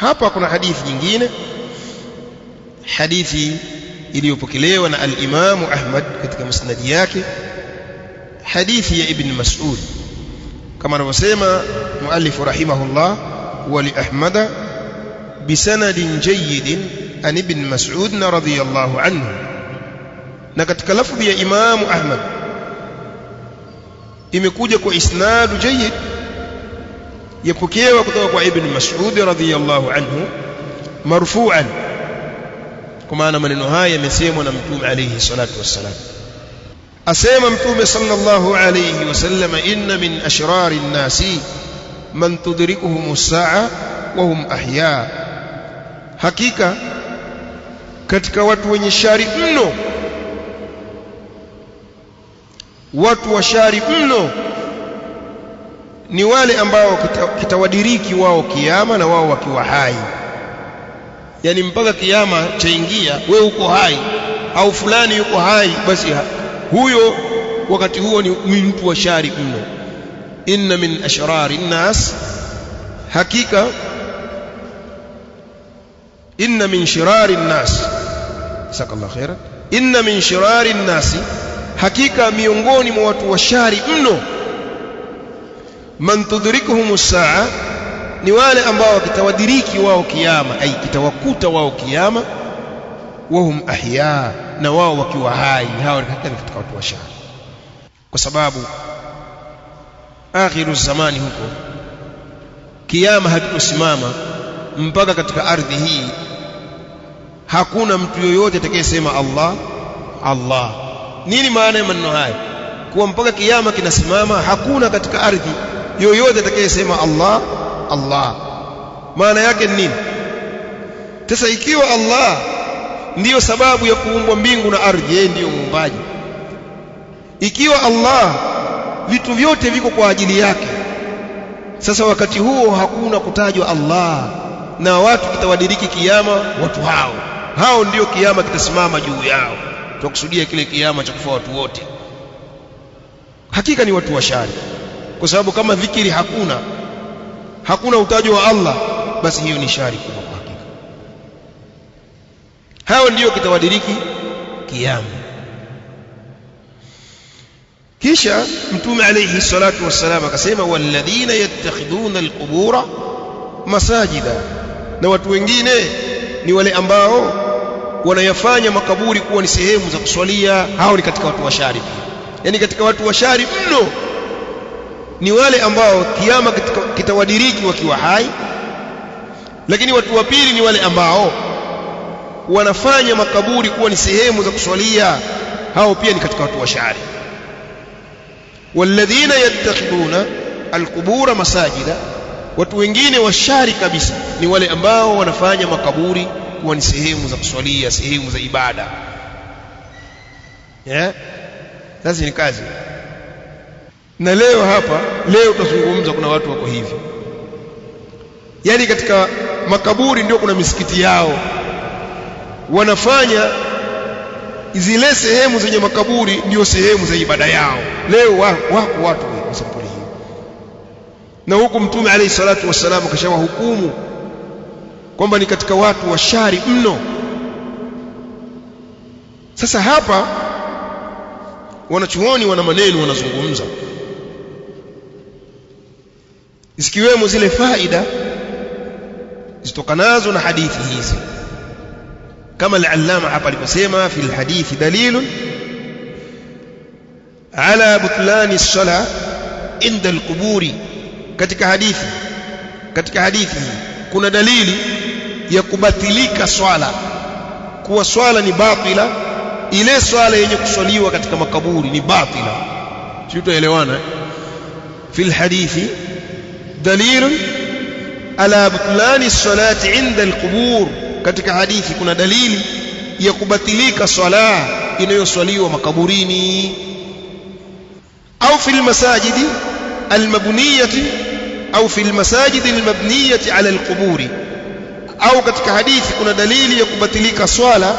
Hapa kuna hadithi nyingine, hadithi iliyopokelewa na al-Imamu Ahmad katika musnadi yake, hadithi ya Ibn Mas'ud kama anavyosema muallifu rahimahullah, wa li Ahmada bisanadin jayyidin an Ibn Mas'ud radhiyallahu anhu. Na katika lafdhi ya Imamu Ahmad imekuja kwa isnadu jayyid yapokewa kutoka kwa Ibn Mas'ud radhiyallahu anhu marfu'an, kwa maana maneno haya yamesemwa na Mtume alayhi salatu wassalam. Asema Mtume sallallahu alayhi wasallam, inna min ashrari nnasi man tudrikuhum saa wa hum ahya, hakika katika watu wenye shari mno, watu wa shari mno ni wale ambao kitawadiriki wao kiama na wao wakiwa hai, yaani mpaka kiama chaingia, we uko hai au fulani yuko hai, basi huyo wakati huo ni mtu wa shari mno. Inna min ashrari nnas, hakika inna min shirari nnas, jazakallahu khairan. Inna min shirari nnasi, hakika miongoni mwa watu wa shari mno man tudrikuhum saa ni wale ambao kitawadiriki wao kiyama, ai kitawakuta wao kiyama, wahum ahya, na wao wakiwa hai. Hawa ni katika watu washari, kwa sababu akhiru zamani huko kiyama hakitosimama mpaka katika ardhi hii hakuna mtu yoyote atakayesema Allah Allah. Nini maana ya maneno haya? Kuwa mpaka kiyama kinasimama hakuna katika ardhi yoyote atakayesema Allah Allah maana yake ni nini sasa ikiwa Allah ndiyo sababu ya kuumbwa mbingu na ardhi yeye ndiyo muumbaji ikiwa Allah vitu vyote viko kwa ajili yake sasa wakati huo hakuna kutajwa Allah na watu kitawadiriki kiyama watu hao hao ndiyo kiyama kitasimama juu yao tukusudia kile kiyama cha kufa watu wote hakika ni watu washari kwa sababu kama dhikiri hakuna hakuna utajwa wa Allah, basi hiyo ni shari kubwa kwa hakika. Hayo ndiyo kitawadiriki kiamu. Kisha Mtume alayhi salatu wassalam akasema, walladhina yattakhidhuna alqubura masajida, na watu wengine ni wale ambao wanayafanya makaburi kuwa ni sehemu za kuswalia. Hao ni katika watu wa shari, yani katika watu wa shari mno ni wale ambao kiama kitawadiriki wakiwa hai, lakini watu wa pili ni wale ambao wanafanya makaburi kuwa ni sehemu za kuswalia. Hao pia ni katika watu wa shari. Walladhina yattakhiduna alqubura masajida, watu wengine wa shari kabisa ni wale ambao wanafanya makaburi kuwa ni sehemu za kuswalia, sehemu za ibada. Yeah, lazima ni kazi na leo hapa leo tutazungumza, kuna watu wako hivi, yaani katika makaburi ndio kuna misikiti yao, wanafanya zile sehemu zenye makaburi ndio sehemu za ibada yao. Leo wako watu wa sampuli hiyo, na huku Mtume alayhi salatu wassalam akashawahukumu kwamba ni katika watu wa shari mno. Sasa hapa wanachuoni wana maneno wanazungumza zikiwemo zile faida zitokanazo na hadithi hizi kama al-allama hapa aliposema fi al hadith dalilun ala butlani as salah inda al qubur katika hadithi katika hadithi kuna dalili ya kubatilika swala kuwa swala ni batila ile swala yenye kuswaliwa katika makaburi ni batila sio tuelewana eh? fi al-hadithi dalilun ala butlani salati inda alqubur katika hadithi kuna dalili ya kubatilika swala inayoswaliwa makaburini au fil masajidi almabniyati au fil masajidi almabniyati ala alquburi au katika hadithi kuna dalili ya kubatilika swala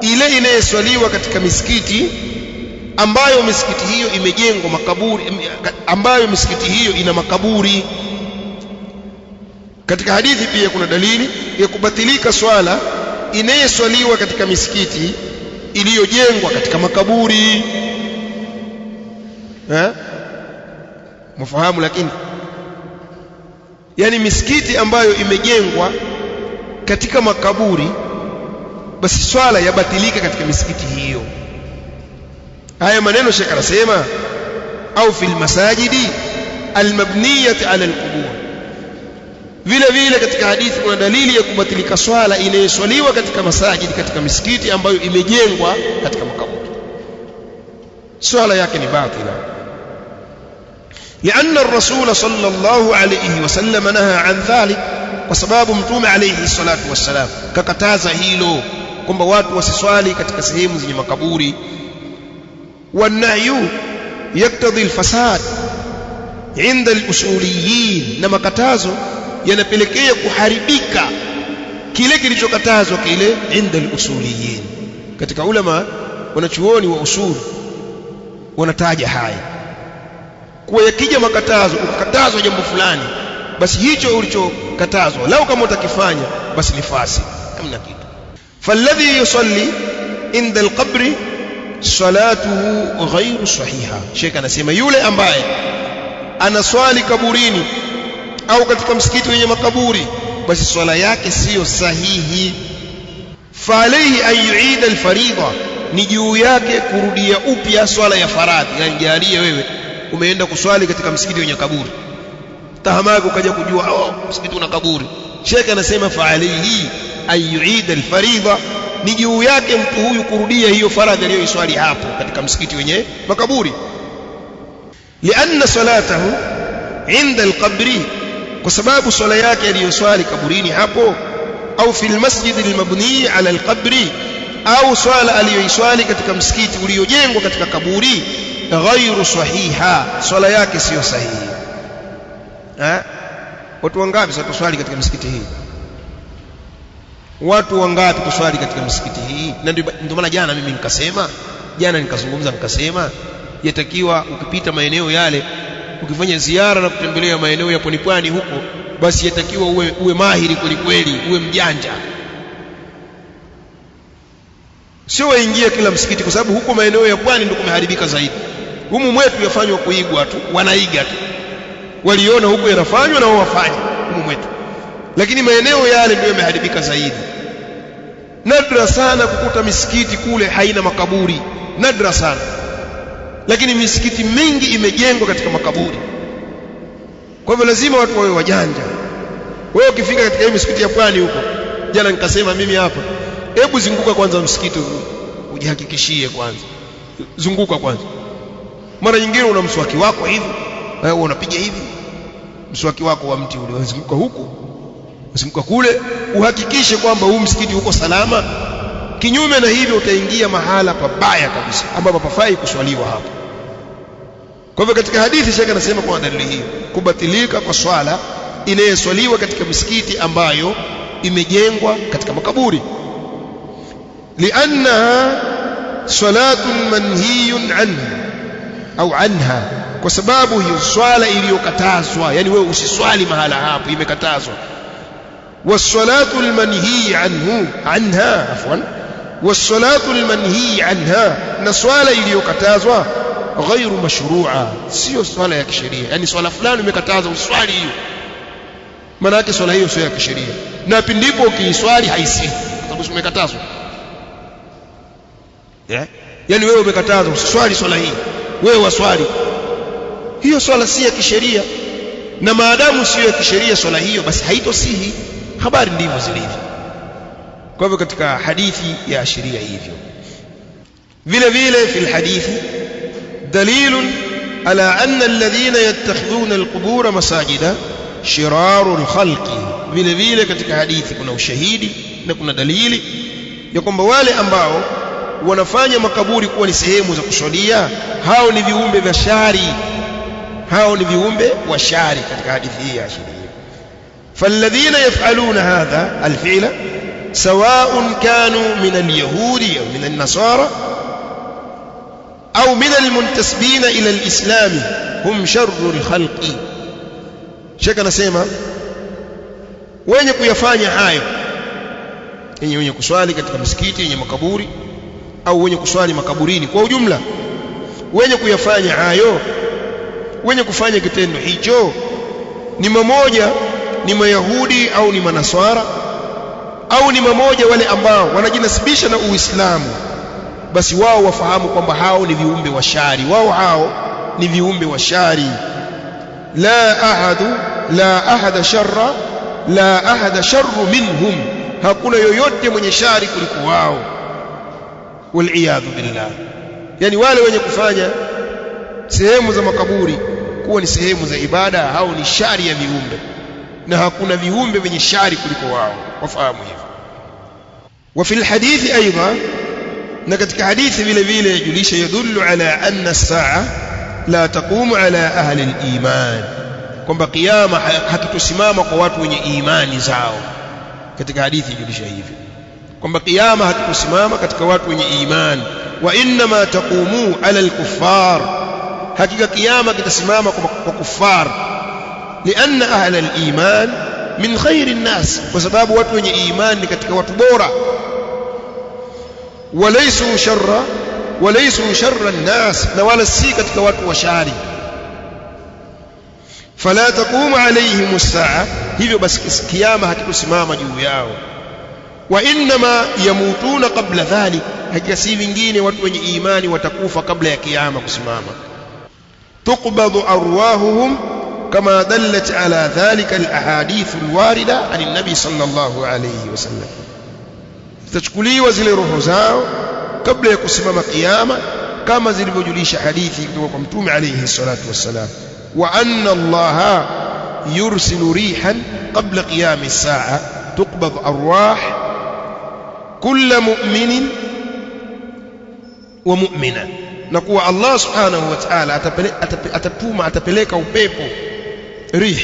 ile inayoswaliwa katika misikiti ambayo misikiti hiyo imejengwa makaburi, ambayo misikiti hiyo ina makaburi. Katika hadithi pia kuna dalili ya kubatilika swala inayeswaliwa katika misikiti iliyojengwa katika makaburi ha? Mwafahamu, lakini yani misikiti ambayo imejengwa katika makaburi, basi swala yabatilika katika misikiti hiyo haya maneno Sheikh anasema au fi lmasajidi almabniyati ala alqubur. Vile vile katika hadithi kuna dalili ya kubatilika swala inayoswaliwa katika masajidi, katika misikiti ambayo imejengwa katika makaburi, swala yake ni batila. Lianna rasula rasul sallallahu alayhi wasallam naha an dhalik, kwa sababu Mtume alayhi salatu wassalam kakataza hilo kwamba watu wasiswali katika sehemu zenye makaburi. والنهي يقتضي الفساد عند الاصوليين na makatazo yanapelekea kuharibika kile kilichokatazwa kile inda al katika ulama wanachuoni wa usul wanataja haya kuwa yakija makatazo ukatazwa jambo fulani basi hicho ulichokatazwa lau kama utakifanya basi ni fasi hamna kitu falladhi yusalli inda al salatuhu ghairu sahiha. Sheikh anasema yule ambaye anaswali kaburini au katika msikiti wenye makaburi, basi swala yake siyo sahihi. Fa alayhi an yuida alfaridha, ni juu yake kurudia upya swala ya faradhi. Yani jalie wewe umeenda kuswali katika msikiti wenye kaburi, tahamako ukaja kujua oh, msikiti una kaburi. Sheikh anasema fa alayhi an yuida alfaridha ni juu yake mtu huyu kurudia hiyo faradhi aliyoiswali hapo katika msikiti wenye makaburi lianna salatahu inda alqabri kwa sababu swala yake aliyoswali kaburini hapo au fi lmasjidi almabni ala lqabri au swala aliyoiswali katika msikiti uliojengwa katika kaburi ghairu sahiha swala yake siyo sahihi eh watu wangapi sasa katika msikiti hii watu wangapi kuswali katika misikiti hii? Na ndio maana jana mimi nikasema, jana nikazungumza nikasema, yatakiwa ukipita maeneo yale, ukifanya ziara na kutembelea maeneo ya pwani pwani huko, basi yatakiwa uwe, uwe mahiri kwelikweli, uwe mjanja, sio waingie kila msikiti, kwa sababu huko maeneo ya pwani ndio kumeharibika zaidi. Humu mwetu yafanywa kuigwa tu, wanaiga tu, waliona huko yanafanywa na wao wafanye humu mwetu lakini maeneo yale ndiyo yameharibika zaidi. Nadra sana kukuta misikiti kule haina makaburi, nadra sana, lakini misikiti mingi imejengwa katika makaburi. Kwa hivyo lazima watu wawe wajanja. Wewe ukifika katika hii misikiti ya pwani huko, jana nikasema mimi hapa, hebu zunguka kwanza msikiti ujihakikishie kwanza, zunguka kwanza. Mara nyingine una mswaki wako hivi, wewe eh, unapiga hivi mswaki wako wa mti ule, wazunguka huku usimka kule uhakikishe kwamba huu msikiti uko salama. Kinyume na hivyo, utaingia mahala pabaya kabisa ambapo pafai kuswaliwa hapo. Kwa hivyo, katika hadithi shekhe anasema kwa dalili hii kubatilika kwa swala inayeswaliwa katika misikiti ambayo imejengwa katika makaburi, liannaha salatun manhiyun anha au anha, kwa sababu hiyo swala iliyokatazwa, yani wewe usiswali mahala hapo, imekatazwa والصلاة المنهي anha عنها عفوا والصلاة المنهي عنها نصلاه iliyokatazwa ghairu mashrua siyo swala ya kisheria yani swala fulani umekataza uswali hiyo maana yake swala hiyo sio ya kisheria na pindipo ukiiswali haisihi sababu umekatazwa yeah? yani wewe umekatazwa usiswali swala hii wewe waswali hiyo swala si ya kisheria na maadamu siyo ya kisheria swala hiyo basi haitosihi habari ndivyo zilivyo. Kwa hivyo katika hadithi ya ashiria hivyo. Vile vile fil hadithi dalilun ala anna alladhina yattakhidhuna alqubura masajida shiraru khalqi, vile vile katika hadithi kuna ushahidi na kuna dalili ya kwamba wale ambao wanafanya makaburi kuwa ni sehemu za kusalia, hao ni viumbe vya shari, hao ni viumbe wa shari, katika hadithi hii ya ashiria. فالذين يفعلون هذا الفعل سواء كانوا من اليهود أو من النصارى أو من المنتسبين إلى الإسلام هم شر الخلق شيخ سيما وينك يكو يفاني حايو إن وين يكو سوالي كتك مسكيتي إن مكبوري أو وين يكو سوالي مكبوريني كو جملة وين يكو يفاني حايو وين يكو فاني كتين نحيجو نمموجة ni mayahudi au ni Manaswara au ni mamoja wale ambao wanajinasibisha na Uislamu, basi wao wafahamu kwamba hao ni viumbe wa shari, wao hao ni viumbe wa shari. La ahadu la ahada sharra la ahada sharru minhum, hakuna yoyote mwenye shari kuliko wao. Waliyadhu billah, yani wale wenye kufanya sehemu za makaburi kuwa ni sehemu za ibada, hao ni shari ya viumbe. na hakuna viumbe vyenye shari kuliko wao wafahamu hivyo wa fil hadith aidha na katika hadithi vile vile julisha yadullu ala anna saa la taqumu ala ahli al-iman kwamba kiyama hakitosimama kwa watu wenye imani zao katika hadithi julisha hivi kwamba kiyama hakitosimama katika watu wenye imani wa inma taqumu ala al-kuffar hakika kiyama kitasimama kwa kufar لأن أهل الإيمان من خير الناس وسباب واتوين إيمان لكتك واتبورا وليسوا شر وليسوا شر الناس نوال السيكتك واتو وشاري فلا تقوم عليهم الساعة هذا بس كيامة هكذا سماما جوياه وإنما يموتون قبل ذلك هكذا جيني واتوين إيماني وتقوف قبل كيامة سماما تقبض أرواههم كما دلت على ذلك الأحاديث الواردة عن النبي صلى الله عليه وسلم تشكلي وزل روحو قبل يقسم قيامة كما زل بجليش حديثي وقمتوم عليه الصلاة والسلام وأن الله يرسل ريحا قبل قيام الساعة تقبض أرواح كل مؤمن ومؤمنة نقول الله سبحانه وتعالى أتبوم أتبليك أو بيبو rih,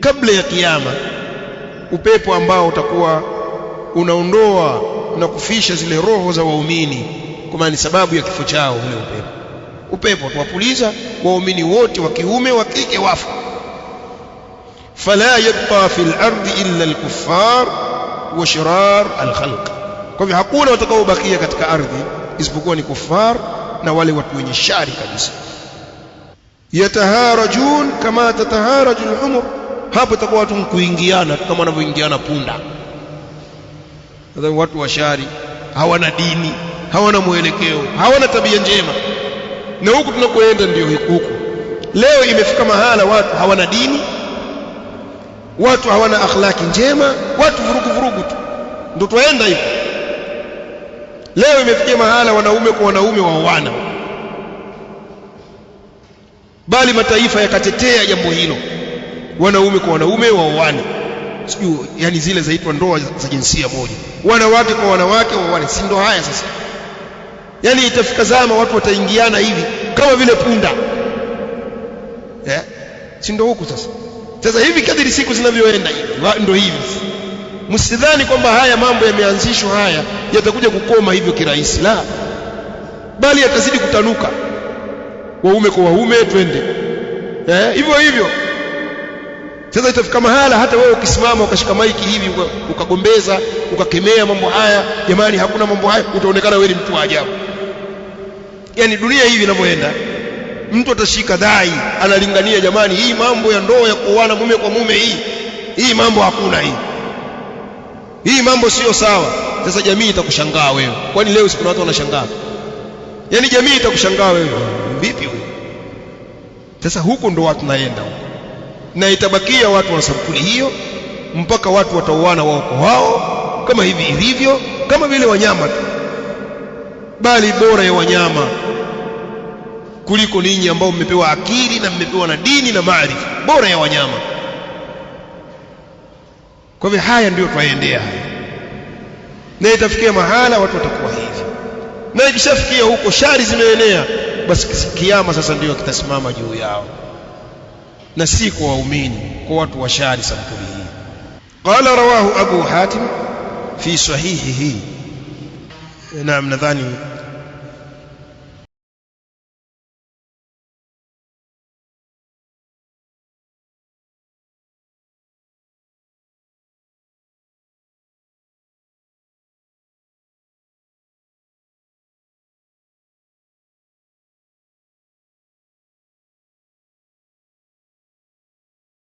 kabla ya kiyama, upepo ambao utakuwa unaondoa na kufisha zile roho za waumini, kwa maana ni sababu ya kifo chao ule upepo. Upepo tuwapuliza waumini wote wa kiume wa kike wafu. Fala yabqa fil ardi illa alkuffar wa shirar alkhalq, kwa hivyo hakuna watakaobakia katika ardhi isipokuwa ni kufar na wale watu wenye shari kabisa yataharajun kama tataharaju al hapo itakuwa watu kuingiana kama wanavyoingiana punda. Sasa watu washari hawana dini, hawana mwelekeo, hawana tabia njema, na huku tunakoenda ndio huku. Leo imefika mahala watu hawana dini, watu hawana akhlaki njema, watu vurugu vurugu tu ndio twaenda hivyo. Leo imefikia mahala wanaume kwa wanaume waoana bali mataifa yakatetea jambo hilo, wanaume kwa wanaume waoane, sijui yani zile zaitwa ndoa za jinsia moja, wanawake kwa wanawake waoane, si ndo haya sasa? Yani itafika zama watu wataingiana hivi kama vile punda yeah? si ndo huku sasa. Sasa hivi kadiri siku zinavyoenda ndo hivi. Msidhani kwamba haya mambo yameanzishwa haya yatakuja kukoma hivyo kirahisi, la, bali yatazidi kutanuka waume kwa waume, twende eh, hivyo eh, hivyo. Sasa itafika mahala hata wewe ukisimama ukashika maiki hivi ukagombeza ukakemea mambo haya, jamani, hakuna mambo haya, utaonekana wewe ni mtu wa ajabu. Yaani dunia hivi inavyoenda, mtu atashika dhai analingania, jamani, hii mambo ya ndoa ya kuoana mume kwa mume, hii hii mambo hakuna, hii hii mambo sio sawa. Sasa jamii itakushangaa wewe. Kwani leo si kuna watu wanashangaa? Yaani jamii itakushangaa wewe, vipi sasa huko ndo watu naenda huko, na itabakia watu wa sampuli hiyo mpaka watu watauana wao kwa wao, kama hivi ilivyo, kama vile wanyama tu, bali bora ya wanyama kuliko ninyi ambao mmepewa akili na mmepewa na dini na maarifa, bora ya wanyama. Kwa hivyo haya ndiyo twaendea haya, na itafikia mahala watu watakuwa hivi, na ikishafikia huko shari zimeenea basi kiama sasa ndio kitasimama juu yao, na si kwa waumini, kwa watu washari sampuli hii. Qala rawahu Abu Hatim fi sahihihi. Naam, nadhani